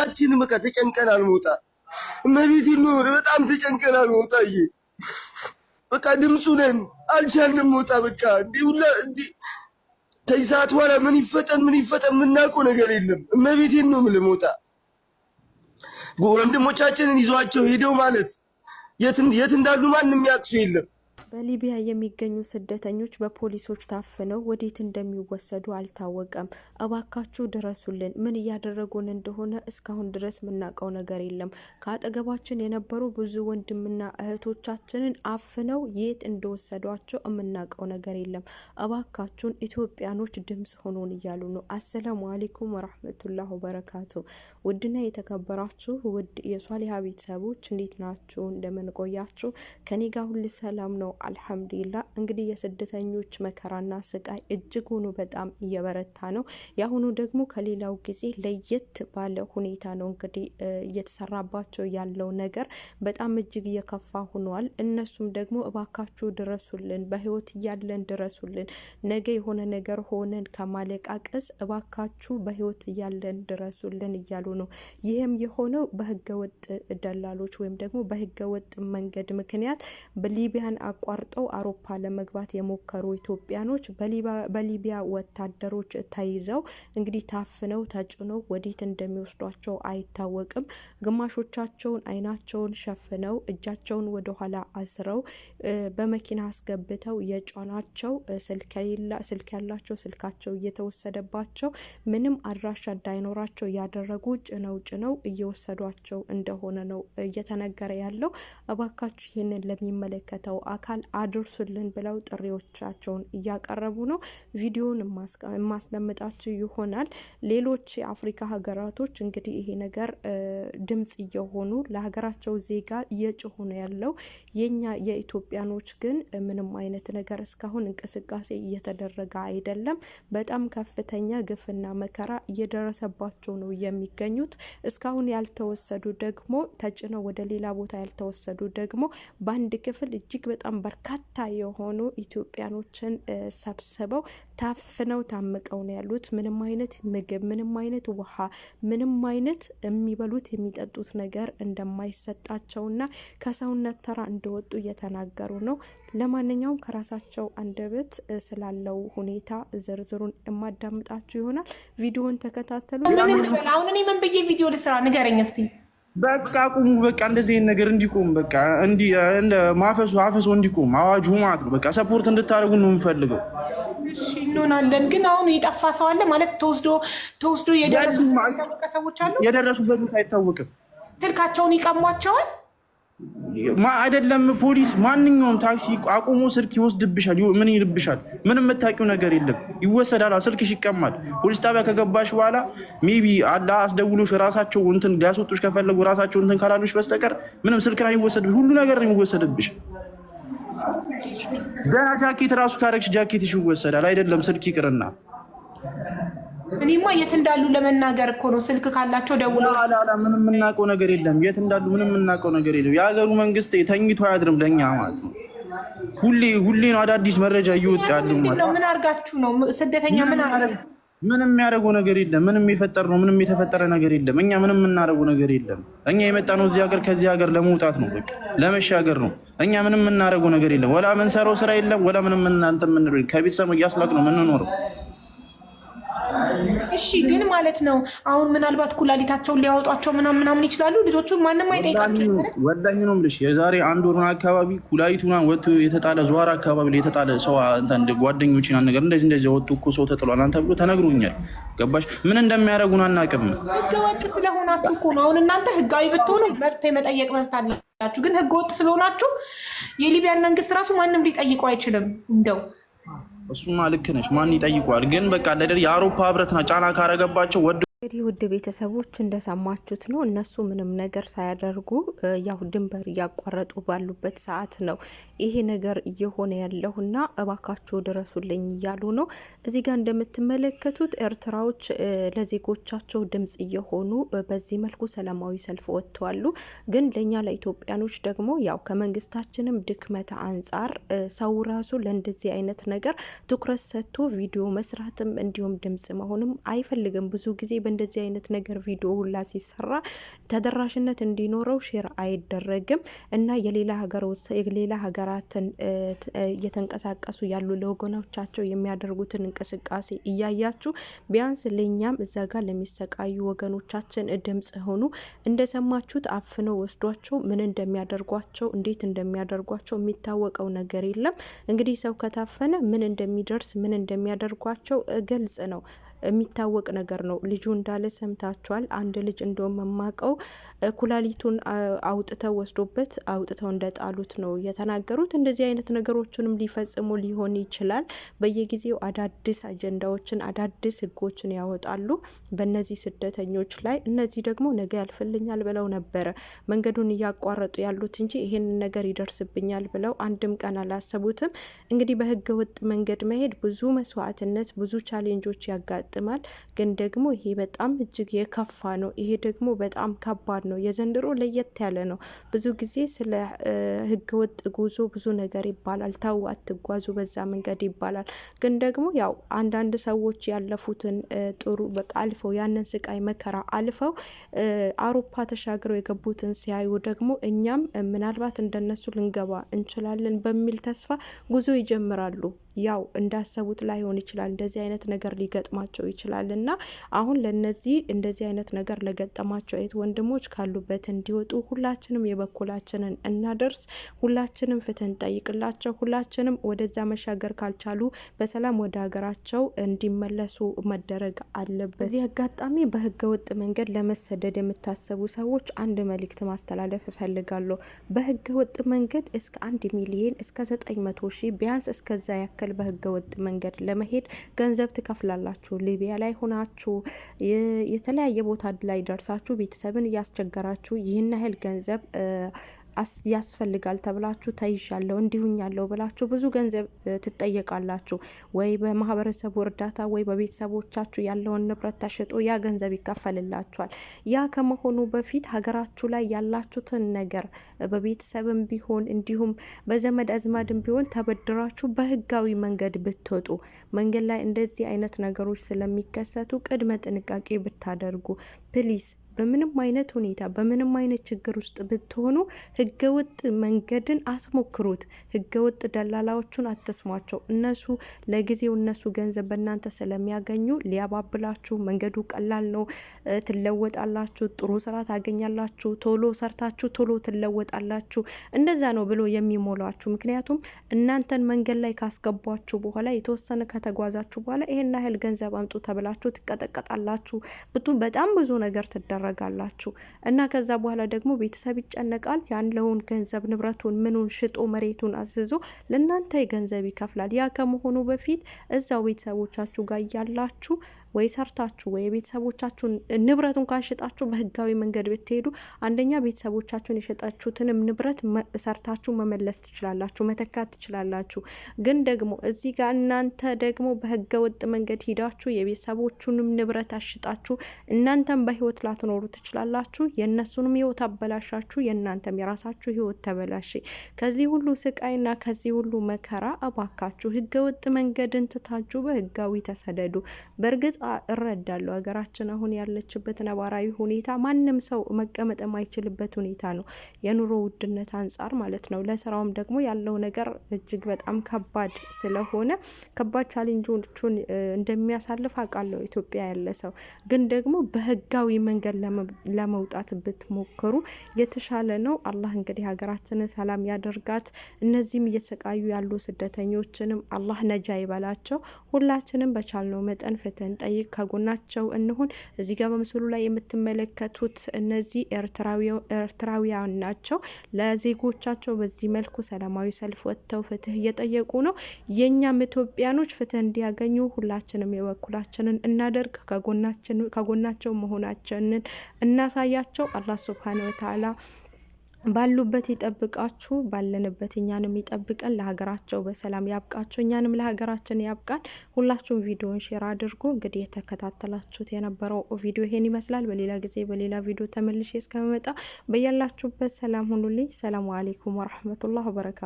ሁላችንም በቃ ተጨንቀናል። ሞጣ እመቤት ነው በጣም ተጨንቀናል። ሞጣዬ በቃ ድምፁ ነን አልቻልንም። ሞጣ በቃ እንዲ ሁላ እንዲ ከዚህ ሰዓት በኋላ ምን ይፈጠን ምን ይፈጠን የምናውቀው ነገር የለም። እመቤቴን ነው የምልህ ሞጣ ወንድሞቻችንን ይዟቸው ሄደው ማለት የት እንዳሉ ማንም የሚያውቅ ሰው የለም። በሊቢያ የሚገኙ ስደተኞች በፖሊሶች ታፍነው ወዴት እንደሚወሰዱ አልታወቀም። እባካችሁ ድረሱልን። ምን እያደረጉን እንደሆነ እስካሁን ድረስ የምናውቀው ነገር የለም። ከአጠገባችን የነበሩ ብዙ ወንድምና እህቶቻችንን አፍነው የት እንደወሰዷቸው የምናውቀው ነገር የለም። እባካችሁን ኢትዮጵያኖች ድምጽ ሆኖን እያሉ ነው። አሰላሙ አሌይኩም ወራህመቱላህ ወበረካቱ። ውድና የተከበራችሁ ውድ የሷሊሀ ቤተሰቦች እንዴት ናችሁ? እንደምንቆያችሁ ከኔ ጋር ሁሉ ሰላም ነው አልሐምዱሊላ እንግዲህ የስደተኞች መከራና ስቃይ እጅግ እጅጉኑ በጣም እየበረታ ነው። የአሁኑ ደግሞ ከሌላው ጊዜ ለየት ባለ ሁኔታ ነው እንግዲህ እየተሰራባቸው ያለው ነገር በጣም እጅግ እየከፋ ሆኗል። እነሱም ደግሞ እባካችሁ ድረሱልን፣ በህይወት እያለን ድረሱልን፣ ነገ የሆነ ነገር ሆነን ከማለቃቀስ እባካችሁ በህይወት እያለን ድረሱልን እያሉ ነው። ይህም የሆነው በህገወጥ ደላሎች ወይም ደግሞ በህገወጥ መንገድ ምክንያት በሊቢያን አቋ አቋርጠው አውሮፓ ለመግባት የሞከሩ ኢትዮጵያኖች በሊቢያ ወታደሮች ተይዘው እንግዲህ ታፍነው ተጭነው ወዴት እንደሚወስዷቸው አይታወቅም። ግማሾቻቸውን አይናቸውን ሸፍነው እጃቸውን ወደኋላ አስረው በመኪና አስገብተው የጫናቸው ስልክ ያላቸው ስልካቸው እየተወሰደባቸው ምንም አድራሻ እንዳይኖራቸው ያደረጉ ጭነው ጭነው እየወሰዷቸው እንደሆነ ነው እየተነገረ ያለው። እባካችሁ ይህንን ለሚመለከተው አካል አካል አድርሱልን ብለው ጥሪዎቻቸውን እያቀረቡ ነው። ቪዲዮን የማስደምጣችሁ ይሆናል። ሌሎች የአፍሪካ ሀገራቶች እንግዲህ ይሄ ነገር ድምጽ እየሆኑ ለሀገራቸው ዜጋ እየጮሁ ነው ያለው። የኛ የኢትዮጵያኖች ግን ምንም አይነት ነገር እስካሁን እንቅስቃሴ እየተደረገ አይደለም። በጣም ከፍተኛ ግፍና መከራ እየደረሰባቸው ነው የሚገኙት። እስካሁን ያልተወሰዱ ደግሞ ተጭነው ወደ ሌላ ቦታ ያልተወሰዱ ደግሞ በአንድ ክፍል እጅግ በጣም በርካታ የሆኑ ኢትዮጵያኖችን ሰብስበው ታፍነው ታምቀው ነው ያሉት። ምንም አይነት ምግብ፣ ምንም አይነት ውሃ፣ ምንም አይነት የሚበሉት የሚጠጡት ነገር እንደማይሰጣቸውና ከሰውነት ተራ እንደወጡ እየተናገሩ ነው። ለማንኛውም ከራሳቸው አንደበት ስላለው ሁኔታ ዝርዝሩን የማዳምጣችሁ ይሆናል። ቪዲዮን ተከታተሉ። ምን አሁን እኔ ምን ብዬ ቪዲዮ ልስራ ንገረኝ እስቲ። በቃ ቁሙ። በቃ እንደዚህ ነገር እንዲቁም በቃ እንዲ እንደ ማፈሱ አፈሱ እንዲቁም አዋጁ ማለት ነው። በቃ ሰፖርት እንድታደርጉ ነው የምፈልገው። እሺ እንሆናለን። ግን አሁን የጠፋ ሰው አለ ማለት ተወስዶ ተወስዶ የደረሱበት ሰዎች አሉ። የደረሱበት አይታወቅም። ስልካቸውን ይቀሟቸዋል። አይደለም ፖሊስ ማንኛውም ታክሲ አቁሞ ስልክ ይወስድብሻል። ምን ይልብሻል? ምንም የምታውቂው ነገር የለም። ይወሰዳል፣ ስልክሽ ይቀማል። ፖሊስ ጣቢያ ከገባሽ በኋላ ሜቢ አላ አስደውሎሽ ራሳቸው እንትን ሊያስወጡሽ ከፈለጉ ራሳቸው እንትን ካላሉሽ በስተቀር ምንም ስልክ ይወሰድብሽ፣ ሁሉ ነገር ይወሰድብሽ። ደህና ጃኬት ራሱ ካረግሽ ጃኬትሽ ይወሰዳል። አይደለም ስልክ ይቅርና እኔማ የት እንዳሉ ለመናገር እኮ ነው። ስልክ ካላቸው ደውለው ምንም የምናውቀው ነገር የለም። የት እንዳሉ ምንም የምናውቀው ነገር የለም። የሀገሩ መንግስት ተኝቶ አያድርም ለእኛ ማለት ነው። ሁሌ ሁሌ ነው አዳዲስ መረጃ እየወጣ ያሉ። ምን አርጋችሁ ነው ስደተኛ? ምን ምንም የሚያደርገው ነገር የለም። ምንም የፈጠር ነው ምንም የተፈጠረ ነገር የለም። እኛ ምንም የምናደርገው ነገር የለም። እኛ የመጣ ነው እዚህ ሀገር ከዚህ ሀገር ለመውጣት ነው፣ በቃ ለመሻገር ነው። እኛ ምንም የምናደርገው ነገር የለም። ወላ ምንሰራው ስራ የለም። ወላ ምንም እናንተ ምን ከቤተሰብ እያስላቅ ነው ምንኖረው እሺ ግን ማለት ነው አሁን ምናልባት ኩላሊታቸውን ሊያወጧቸው ምናምን ምናምን ይችላሉ። ልጆቹን ማንም አይጠይቃቸው። ወላሂ ነው የምልሽ የዛሬ አንድ ወር አካባቢ ኩላሊቱና ወጥቶ የተጣለ ዘዋር አካባቢ ላይ የተጣለ ሰው ጓደኞች ጓደኞችን ነገር እንደዚህ እንደዚህ ወጡ እኮ ሰው ተጥሏል አንተ ብሎ ተነግሮኛል። ገባሽ? ምን እንደሚያደርጉን አናውቅም። ወጥ ስለሆናችሁ እኮ ነው። አሁን እናንተ ህጋዊ ብትሆኑ መብት የመጠየቅ መብት አላችሁ። ግን ህገ ወጥ ስለሆናችሁ የሊቢያን መንግስት ራሱ ማንም ሊጠይቀው አይችልም እንደው እሱማ ልክ ነች። ማን ይጠይቋል? ግን በቃ ለደር የአውሮፓ ህብረትና ጫና ካረገባቸው ወደ እንግዲህ ውድ ቤተሰቦች እንደሰማችሁት ነው። እነሱ ምንም ነገር ሳያደርጉ ያው ድንበር እያቋረጡ ባሉበት ሰዓት ነው ይሄ ነገር እየሆነ ያለውና እባካችሁ ድረሱልኝ እያሉ ነው። እዚህ ጋር እንደምትመለከቱት ኤርትራዎች ለዜጎቻቸው ድምጽ እየሆኑ በዚህ መልኩ ሰላማዊ ሰልፍ ወጥተዋሉ። ግን ለእኛ ለኢትዮጵያኖች ደግሞ ያው ከመንግስታችንም ድክመት አንጻር ሰው ራሱ ለእንደዚህ አይነት ነገር ትኩረት ሰጥቶ ቪዲዮ መስራትም እንዲሁም ድምጽ መሆንም አይፈልግም ብዙ ጊዜ እንደዚህ አይነት ነገር ቪዲዮ ሁላ ሲሰራ ተደራሽነት እንዲኖረው ሼር አይደረግም እና የሌላ ሀገራትን እየተንቀሳቀሱ ያሉ ለወገኖቻቸው የሚያደርጉትን እንቅስቃሴ እያያችሁ ቢያንስ ለእኛም እዛ ጋር ለሚሰቃዩ ወገኖቻችን ድምጽ ሆኑ። እንደሰማችሁት አፍነው ወስዷቸው ምን እንደሚያደርጓቸው እንዴት እንደሚያደርጓቸው የሚታወቀው ነገር የለም። እንግዲህ ሰው ከታፈነ ምን እንደሚደርስ ምን እንደሚያደርጓቸው ግልጽ ነው። የሚታወቅ ነገር ነው። ልጁ እንዳለ ሰምታችኋል። አንድ ልጅ እንደውም መማቀው ኩላሊቱን አውጥተው ወስዶበት አውጥተው እንደጣሉት ነው የተናገሩት። እንደዚህ አይነት ነገሮችንም ሊፈጽሙ ሊሆን ይችላል። በየጊዜው አዳዲስ አጀንዳዎችን አዳዲስ ህጎችን ያወጣሉ በእነዚህ ስደተኞች ላይ። እነዚህ ደግሞ ነገ ያልፍልኛል ብለው ነበረ መንገዱን እያቋረጡ ያሉት እንጂ ይህን ነገር ይደርስብኛል ብለው አንድም ቀን አላሰቡትም። እንግዲህ በህገ ወጥ መንገድ መሄድ ብዙ መስዋዕትነት፣ ብዙ ቻሌንጆች ያጋጥ ያጋጥማል። ግን ደግሞ ይሄ በጣም እጅግ የከፋ ነው። ይሄ ደግሞ በጣም ከባድ ነው። የዘንድሮ ለየት ያለ ነው። ብዙ ጊዜ ስለ ህገወጥ ጉዞ ብዙ ነገር ይባላል። ተው አትጓዙ በዛ መንገድ ይባላል። ግን ደግሞ ያው አንዳንድ ሰዎች ያለፉትን ጥሩ በቃ አልፈው ያንን ስቃይ መከራ አልፈው አውሮፓ ተሻግረው የገቡትን ሲያዩ ደግሞ እኛም ምናልባት እንደነሱ ልንገባ እንችላለን በሚል ተስፋ ጉዞ ይጀምራሉ። ያው እንዳሰቡት ላይሆን ይችላል። እንደዚህ አይነት ነገር ሊገጥማቸው ይችላል እና አሁን ለነዚህ እንደዚህ አይነት ነገር ለገጠማቸው አይት ወንድሞች ካሉበት እንዲወጡ ሁላችንም የበኩላችንን እናደርስ። ሁላችንም ፍትህ ጠይቅላቸው ሁላችንም ወደዛ መሻገር ካልቻሉ በሰላም ወደ ሀገራቸው እንዲመለሱ መደረግ አለበት። በዚህ አጋጣሚ በህገ ወጥ መንገድ ለመሰደድ የምታሰቡ ሰዎች አንድ መልእክት ማስተላለፍ እፈልጋለሁ። በህገ ወጥ መንገድ እስከ አንድ ሚሊየን እስከ ዘጠኝ መቶ ሺህ ቢያንስ እስከዛ ያክል መካከል በህገ ወጥ መንገድ ለመሄድ ገንዘብ ትከፍላላችሁ። ሊቢያ ላይ ሆናችሁ የተለያየ ቦታ ላይ ደርሳችሁ ቤተሰብን እያስቸገራችሁ ይህን ያህል ገንዘብ ያስፈልጋል ተብላችሁ ተይዣለሁ እንዲሁኝ ያለው ብላችሁ ብዙ ገንዘብ ትጠየቃላችሁ። ወይ በማህበረሰቡ እርዳታ ወይ በቤተሰቦቻችሁ ያለውን ንብረት ተሽጦ ያ ገንዘብ ይከፈልላችኋል። ያ ከመሆኑ በፊት ሀገራችሁ ላይ ያላችሁትን ነገር በቤተሰብም ቢሆን እንዲሁም በዘመድ አዝማድም ቢሆን ተበድራችሁ በህጋዊ መንገድ ብትወጡ መንገድ ላይ እንደዚህ አይነት ነገሮች ስለሚከሰቱ ቅድመ ጥንቃቄ ብታደርጉ ፕሊስ በምንም አይነት ሁኔታ በምንም አይነት ችግር ውስጥ ብትሆኑ ህገወጥ መንገድን አትሞክሩት። ህገወጥ ደላላዎቹን አትስሟቸው። እነሱ ለጊዜው እነሱ ገንዘብ በእናንተ ስለሚያገኙ ሊያባብላችሁ፣ መንገዱ ቀላል ነው፣ ትለወጣላችሁ፣ ጥሩ ስራ ታገኛላችሁ፣ ቶሎ ሰርታችሁ ቶሎ ትለወጣላችሁ፣ እንደዛ ነው ብሎ የሚሞላችሁ። ምክንያቱም እናንተን መንገድ ላይ ካስገቧችሁ በኋላ የተወሰነ ከተጓዛችሁ በኋላ ይሄን ያህል ገንዘብ አምጡ ተብላችሁ ትቀጠቀጣላችሁ። ብቱ በጣም ብዙ ነገር ትደረጋላችሁ እና ከዛ በኋላ ደግሞ ቤተሰብ ይጨነቃል። ያለውን ገንዘብ ንብረቱን፣ ምኑን ሽጦ መሬቱን አስዞ ለእናንተ ገንዘብ ይከፍላል። ያ ከመሆኑ በፊት እዛው ቤተሰቦቻችሁ ጋር እያላችሁ ወይ ሰርታችሁ ወይ የቤተሰቦቻችሁን ንብረት እንኳን ሽጣችሁ በህጋዊ መንገድ ብትሄዱ አንደኛ ቤተሰቦቻችሁን የሸጣችሁትንም ንብረት ሰርታችሁ መመለስ ትችላላችሁ፣ መተካት ትችላላችሁ። ግን ደግሞ እዚህ ጋር እናንተ ደግሞ በህገ ወጥ መንገድ ሂዳችሁ የቤተሰቦቹንም ንብረት አሽጣችሁ እናንተም በህይወት ላትኖሩ ትችላላችሁ። የእነሱንም ህይወት አበላሻችሁ፣ የእናንተም የራሳችሁ ህይወት ተበላሽ። ከዚህ ሁሉ ስቃይና ከዚህ ሁሉ መከራ እባካችሁ ህገ ወጥ መንገድን ትታችሁ በህጋዊ ተሰደዱ። በእርግጥ እረዳለሁ። ሀገራችን አሁን ያለችበት ነባራዊ ሁኔታ ማንም ሰው መቀመጥ የማይችልበት ሁኔታ ነው፣ የኑሮ ውድነት አንጻር ማለት ነው። ለስራውም ደግሞ ያለው ነገር እጅግ በጣም ከባድ ስለሆነ ከባድ ቻሌንጆቹን እንደሚያሳልፍ አውቃለሁ። ኢትዮጵያ ያለ ሰው ግን ደግሞ በህጋዊ መንገድ ለመውጣት ብትሞክሩ የተሻለ ነው። አላህ እንግዲህ ሀገራችንን ሰላም ያደርጋት። እነዚህም እየተሰቃዩ ያሉ ስደተኞችንም አላህ ነጃ ይበላቸው። ሁላችንም በቻልነው መጠን ፍትህን ላይ ከጎናቸው እንሆን። እዚህ ጋር በምስሉ ላይ የምትመለከቱት እነዚህ ኤርትራውያን ናቸው። ለዜጎቻቸው በዚህ መልኩ ሰላማዊ ሰልፍ ወጥተው ፍትህ እየጠየቁ ነው። የእኛም ኢትዮጵያኖች ፍትህ እንዲያገኙ ሁላችንም የበኩላችንን እናደርግ፣ ከጎናቸው መሆናችንን እናሳያቸው። አላህ ሱብሃነ ወተዓላ ባሉበት ይጠብቃችሁ፣ ባለንበት እኛንም ይጠብቀን። ለሀገራቸው በሰላም ያብቃቸው፣ እኛንም ለሀገራችን ያብቃን። ሁላችሁም ቪዲዮን ሼር አድርጉ። እንግዲህ የተከታተላችሁት የነበረው ቪዲዮ ይሄን ይመስላል። በሌላ ጊዜ በሌላ ቪዲዮ ተመልሼ እስከመመጣ በያላችሁበት ሰላም ሁኑልኝ። ሰላሙ አሌይኩም ወረህመቱላህ ወበረካቱ